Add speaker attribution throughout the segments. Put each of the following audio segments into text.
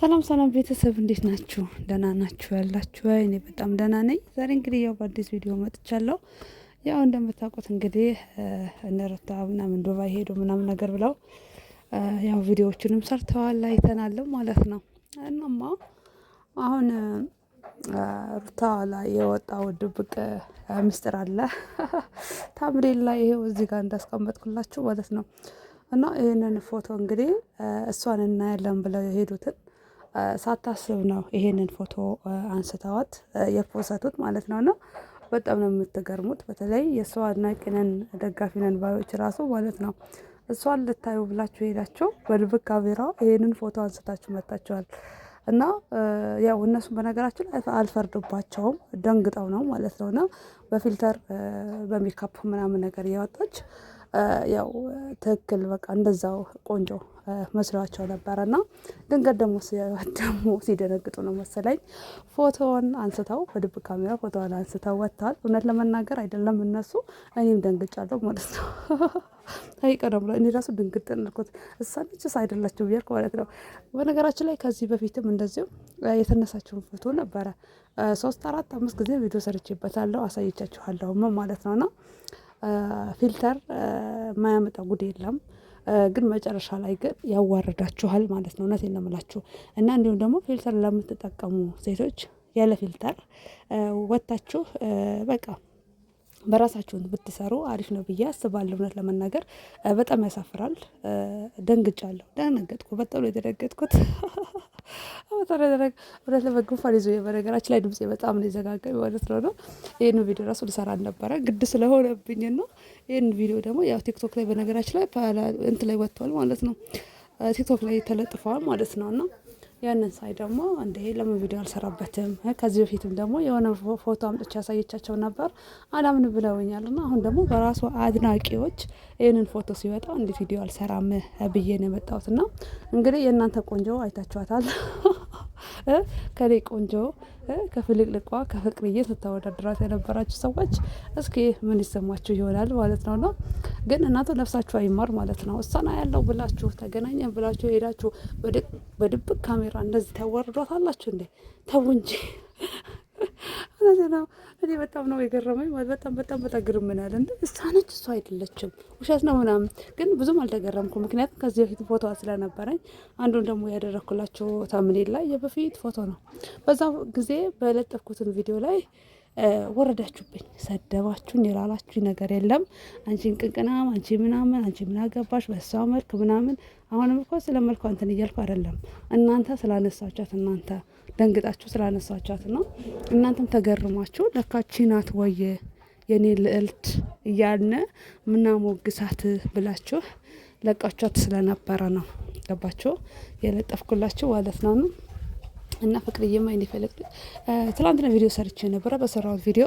Speaker 1: ሰላም ሰላም ቤተሰብ እንዴት ናችሁ? ደህና ናችሁ ያላችሁ? እኔ በጣም ደህና ነኝ። ዛሬ እንግዲህ ያው በአዲስ ቪዲዮ መጥቻለሁ። ያው እንደምታውቁት እንግዲህ እንረታ ምናምን ዱባይ ሄዱ ምናምን ነገር ብለው ያው ቪዲዮዎችንም ሰርተዋል አይተናልም ማለት ነው። እናማ አሁን ሩታ ላይ የወጣው ድብቅ ምስጢር አለ ታምሬል ላይ ይሄው እዚህ ጋር እንዳስቀመጥኩላችሁ ማለት ነው። እና ይህንን ፎቶ እንግዲህ እሷን እናያለን ብለው የሄዱትን ሳታስብ ነው ይሄንን ፎቶ አንስተዋት የፖሰቱት ማለት ነው። እና በጣም ነው የምትገርሙት። በተለይ የእሷ አድናቂ ነን ደጋፊ ነን ባዮች ራሱ ማለት ነው እሷን ልታዩ ብላችሁ ሄዳችሁ በድብቅ ካሜራ ይሄንን ፎቶ አንስታችሁ መጥታችኋል። እና ያው እነሱም በነገራችን ላይ አልፈርድባቸውም፣ ደንግጠው ነው ማለት ነው። እና በፊልተር በሜካፕ ምናምን ነገር እያወጣች ያው ትክክል በቃ እንደዛው ቆንጆ መስሏቸው ነበረና ድንገት ደግሞ ደግሞ ሲደነግጡ ነው መሰለኝ ፎቶውን አንስተው በድብቅ ካሜራ ፎቶውን አንስተው ወጥተዋል። እውነት ለመናገር አይደለም እነሱ እኔም ደንግጫለሁ ማለት ነው። አይቀርም እኔ ራሱ ድንግጥ እንልኩት እሳነችስ አይደላቸው ብያልኩ ማለት ነው። በነገራችን ላይ ከዚህ በፊትም እንደዚሁ የተነሳችውን ፎቶ ነበረ ሶስት አራት አምስት ጊዜ ቪዲዮ ሰርቼበታለሁ አሳይቻችኋለሁም ማለት ነው። ና ፊልተር ማያመጣ ጉድ የለም። ግን መጨረሻ ላይ ግን ያዋርዳችኋል ማለት ነው። እውነት የለምላችሁ እና እንዲሁም ደግሞ ፊልተር ለምትጠቀሙ ሴቶች ያለ ፊልተር ወጥታችሁ በቃ በራሳችሁን ብትሰሩ አሪፍ ነው ብዬ አስባለሁ። እውነት ለመናገር በጣም ያሳፍራል። ደንግጫለሁ፣ ደነገጥኩ። በጣም ነው የደነገጥኩት። እውነት ለመግንፋ ይዞ በነገራችን ላይ ድምጽ በጣም ነው የዘጋገኝ ማለት ነው ነው ይህን ቪዲዮ ራሱ ልሰራ አልነበረ ግድ ስለሆነብኝ ነው። ይህን ቪዲዮ ደግሞ ያው ቲክቶክ ላይ በነገራችን ላይ እንት ላይ ወጥቷል ማለት ነው ቲክቶክ ላይ ተለጥፈዋል ማለት ነው እና ያንን ሳይ ደግሞ እንደ ለምን ቪዲዮ አልሰራበትም? ከዚህ በፊትም ደግሞ የሆነ ፎቶ አምጥቼ ያሳየቻቸው ነበር አላምን ብለውኛል። እና አሁን ደግሞ በራሱ አድናቂዎች ይህንን ፎቶ ሲወጣ እንዴት ቪዲዮ አልሰራም ብዬ ነው የመጣሁት። እና እንግዲህ የእናንተ ቆንጆ አይታችኋታል። ከኔ ቆንጆ ከፍልቅልቋ ከፍቅርዬ ስታወዳድራት የነበራችሁ ሰዎች እስኪ ምን ይሰማችሁ ይሆናል ማለት ነው። እና ግን እናንተ ነፍሳችሁ አይማር ማለት ነው። እሷን ያለው ብላችሁ ተገናኘን ብላችሁ ሄዳችሁ በድብቅ ካሜራ እንደዚህ ታዋርዷት አላችሁ እንዴ? ተው እንጂ ማለት ነው። እኔ በጣም ነው የገረመኝ። በጣም በጣም በጣም ግርምናል። እንደ እሷ ነች እሷ አይደለችም ውሸት ነው ምናምን፣ ግን ብዙም አልተገረምኩ። ምክንያቱም ከዚህ በፊት ፎቶ ስለነበረኝ አንዱን ደግሞ ያደረግኩላቸው ታምኔል ላይ የበፊት ፎቶ ነው። በዛ ጊዜ በለጠፍኩትን ቪዲዮ ላይ ወረዳችሁብኝ፣ ሰደባችሁን፣ የላላችሁ ነገር የለም። አንቺን ቅንቅናም፣ አንቺ ምናምን፣ አንቺ ምን አገባሽ በሷ መልክ ምናምን። አሁንም እኮ ስለ መልኩ እንትን እያልኩ አይደለም። እናንተ ስላነሳቻት እናንተ ደንግጣችሁ ስላነሳቻት ነው። እናንተም ተገርማችሁ ለካቺ ናት ወይ የኔ ልዕልት እያልነ ምናሞግሳት ብላችሁ ለቃችኋት ስለነበረ ነው። ገባችሁ የለጠፍኩላችሁ ማለት ነው። እና ፍቅርዬም አይን ይፈልግልኝ ትላንትና ቪዲዮ ሰርቼ ነበረ። በሰራሁት ቪዲዮ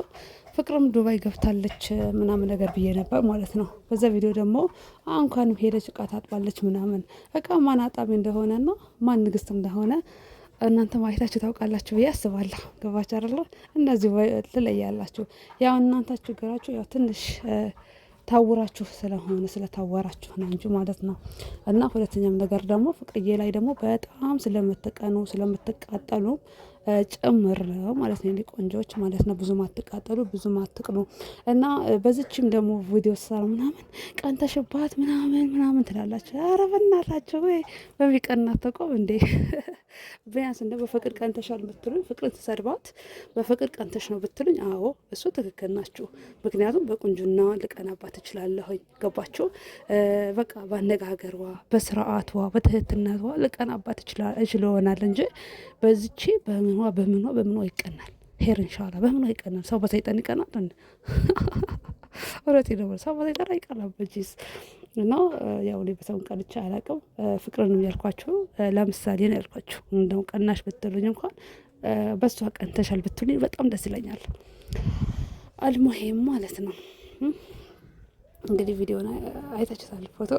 Speaker 1: ፍቅርም ዱባይ ገብታለች ምናምን ነገር ብዬ ነበር ማለት ነው። በዛ ቪዲዮ ደግሞ እንኳንም ሄደች እቃ ታጥባለች ምናምን እቃ ማን አጣቢ እንደሆነ ና ማን ንግስት እንደሆነ እናንተ ማየታችሁ ታውቃላችሁ ብዬ አስባለሁ። ገባች አይደለ? እነዚህ ትለያላችሁ። ያው እናንተ ችግራችሁ ያው ትንሽ ታውራችሁ ስለሆነ ስለታወራችሁ ነው እንጂ ማለት ነው። እና ሁለተኛም ነገር ደግሞ ፍቅርዬ ላይ ደግሞ በጣም ስለምትቀኑ ስለምትቃጠሉ ጭምር ነው ማለት ነው። ቆንጆዎች ማለት ነው። ብዙ ማትቃጠሉ ብዙ አትቅኑ እና በዚችም ደግሞ ቪዲዮ ስራ ምናምን ቀንተሽባት ምናምን ምናምን ትላላቸው። ኧረ በእናታችሁ ወይ በሚቀና ተቆም እንዴ! ቢያንስ እንደ በፍቅር ቀንተሻል ብትሉኝ ፍቅርን ትሰድባት በፍቅር ቀንተሽ ነው ብትሉኝ፣ አዎ እሱ ትክክል ናችሁ። ምክንያቱም በቁንጁና ልቀናባት እችላለሁኝ። ገባችሁ? በቃ በአነጋገሯ፣ በስርዓቷ፣ በትህትነቷ ልቀናባት እችለሆናል እንጂ በዚቺ በምኗ በምኗ በምኗ ይቀናል? ሄር እንሻላ በምኗ ይቀናል? ሰው በሰይጠን ይቀናል? እንደ እውነት ሰው በሰይጠን አይቀናም። በጂስ እና ያው እኔ በሰውን ቀንቼ አላውቅም። ፍቅርን ነው ያልኳችሁ፣ ለምሳሌ ነው ያልኳችሁ። እንደው ቀናሽ ብትሉኝ እንኳን በሷ ቀንተሻል ብትሉኝ በጣም ደስ ይለኛል። አልሞሄም ማለት ነው እንግዲህ ቪዲዮን አይታችሁታል ፎቶ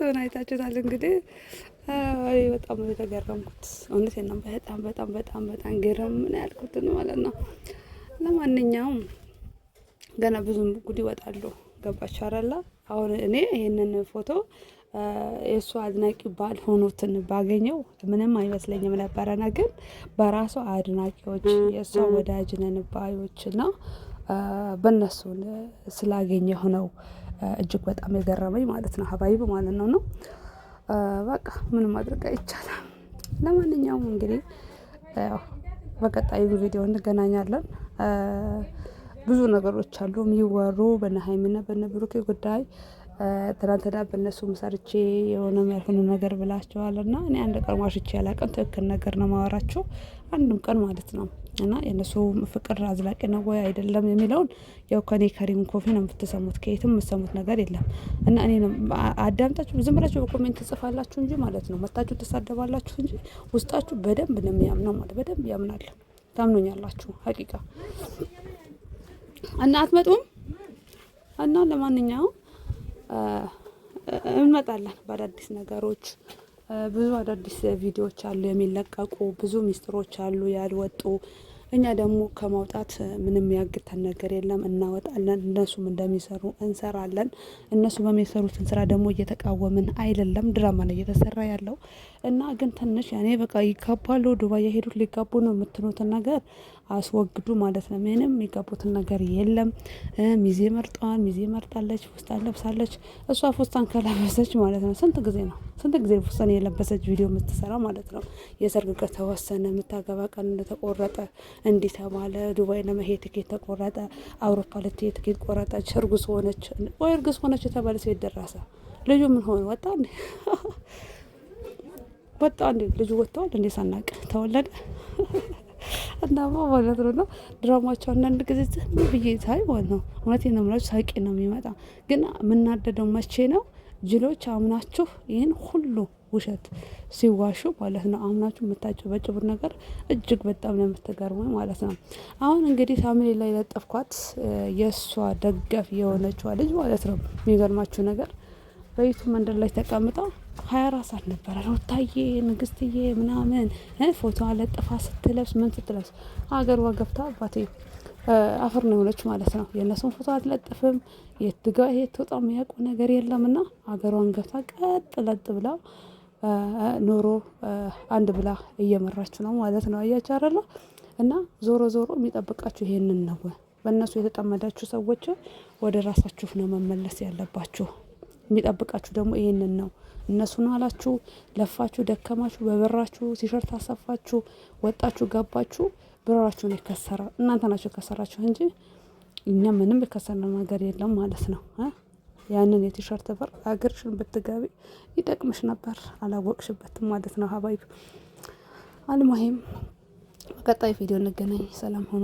Speaker 1: ፎቶን አይታችሁታል እንግዲህ። በጣም ነው የተገረምኩት። እውነት ነው። በጣም በጣም በጣም በጣም ገረም ነው ያልኩት ማለት ነው። ለማንኛውም ገና ብዙም ጉድ ይወጣሉ። ገባችሁ አይደል? አሁን እኔ ይህንን ፎቶ የእሱ አድናቂ ባል ሆኖትን ባገኘው ምንም አይመስለኝም ነበረና ግን በራሱ አድናቂዎች የእሷ ወዳጅ ነን ባዮች እና በእነሱን ስላገኘሁ ነው እጅግ በጣም የገረመኝ ማለት ነው። ሀባይብ ማለት ነው ነው በቃ ምንም ማድረግ አይቻልም። ለማንኛውም እንግዲህ በቀጣዩ ቪዲዮ እንገናኛለን። ብዙ ነገሮች አሉ የሚወሩ በነ ሀይሚና በነ ብሩኬ ጉዳይ ትናንትና በእነሱ ሰርቼ የሆነ ያልሆነ ነገር ብላቸዋል እና እኔ አንድ ቀን ዋሽቼ ያላቀን ትክክል ነገር ነው ማወራቸው አንድም ቀን ማለት ነው። እና የእነሱ ፍቅር አዝላቂ ነው ወይ አይደለም የሚለውን ያው ከኔ ከሪም ኮፊ ነው የምትሰሙት፣ ከየትም የምትሰሙት ነገር የለም። እና እኔ አዳምጣችሁ ዝም ብላችሁ በኮሜንት ትጽፋላችሁ እንጂ ማለት ነው መታችሁ ትሳደባላችሁ እንጂ ውስጣችሁ በደንብ ነው የሚያምነው ማለት በደንብ ያምናል። ታምኖኛላችሁ ሀቂቃ እና አትመጡም እና ለማንኛውም እንመጣለን በአዳዲስ ነገሮች። ብዙ አዳዲስ ቪዲዮዎች አሉ የሚለቀቁ፣ ብዙ ሚስጥሮች አሉ ያልወጡ እኛ ደግሞ ከማውጣት ምንም ያግተን ነገር የለም። እናወጣለን፣ እነሱም እንደሚሰሩ እንሰራለን። እነሱ በሚሰሩትን ስራ ደግሞ እየተቃወምን አይደለም፣ ድራማ ነው እየተሰራ ያለው እና ግን ትንሽ ያኔ በቃ ይጋባሉ፣ ዱባይ የሄዱት ሊጋቡ ነው የምትሉትን ነገር አስወግዱ ማለት ነው። ምንም የሚጋቡትን ነገር የለም። ሚዜ መርጠዋል፣ ሚዜ መርጣለች፣ ፉስታን ለብሳለች። እሷ ፉስታን ከለበሰች ማለት ነው ስንት ጊዜ ነው ስንት ጊዜ ፉስታን የለበሰች ቪዲዮ የምትሰራ ማለት ነው። የሰርግ ቀን ተወሰነ፣ የምታገባ ቀን እንደተቆረጠ እንዲህ ተባለ፣ ዱባይ ለመሄድ ትኬት ተቆረጠ፣ አውሮፓ ልትሄድ ትኬት ቆረጠች፣ እርጉዝ ሆነች። ወይ እርጉዝ ሆነች የተባለ ሴት ደረሰ። ልጁ ምን ሆነ? ወጣ እንዴ? ወጣ እንዴ? ልጁ ወጥተዋል እንዴ? ሳናቅ ተወለደ። እናማ ማለት ነው ነው ድራማቸው አንዳንድ ጊዜ ዝም ብዬ ሳይ ማለት ነው እውነት ነው ምላችሁ ሳቄ ነው የሚመጣ። ግን የምናደደው መቼ ነው? ጅሎች አምናችሁ ይህን ሁሉ ውሸት ሲዋሹ ማለት ነው። አምናችሁ የምታጨበጭቡት ነገር እጅግ በጣም ነው የምትገርመኝ ማለት ነው። አሁን እንግዲህ ሳምሌ ላይ ለጠፍኳት የእሷ ደገፍ የሆነችዋ ልጅ ማለት ነው። የሚገርማችሁ ነገር በይቱ መንደር ላይ ተቀምጣ ሀያ አራት ሰዓት ነበረ ሩታዬ ንግስትዬ ምናምን ፎቶ አለጥፋ ስትለብስ ምን ስትለብስ ሀገሯ ገብታ አባቴ አፈር ነው የሆነች ማለት ነው። የእነሱን ፎቶ አትለጥፍም፣ የትጋ የትወጣ የሚያውቁ ነገር የለም። ና ሀገሯን ገብታ ቀጥ ለጥ ብላ ኑሮ አንድ ብላ እየመራችሁ ነው ማለት ነው። አያችሁ አይደለ? እና ዞሮ ዞሮ የሚጠብቃችሁ ይሄንን ነው። በእነሱ የተጠመዳችሁ ሰዎች ወደ ራሳችሁ ነው መመለስ ያለባችሁ። የሚጠብቃችሁ ደግሞ ይሄንን ነው። እነሱን አላችሁ፣ ለፋችሁ፣ ደከማችሁ፣ በበራችሁ ቲሸርት አሰፋችሁ፣ ወጣችሁ፣ ገባችሁ፣ ብራችሁን ይከሰራል። እናንተ ናቸው የከሰራችሁ እንጂ እኛ ምንም የከሰርነው ነገር የለም ማለት ነው። ያንን የቲሸርት ብር አገርሽን ብትገቢ ይጠቅምሽ ነበር። አላወቅሽበትም ማለት ነው ሀባይብ። አልሙሂም በቀጣይ ቪዲዮ እንገናኝ። ሰላም ሆኑ።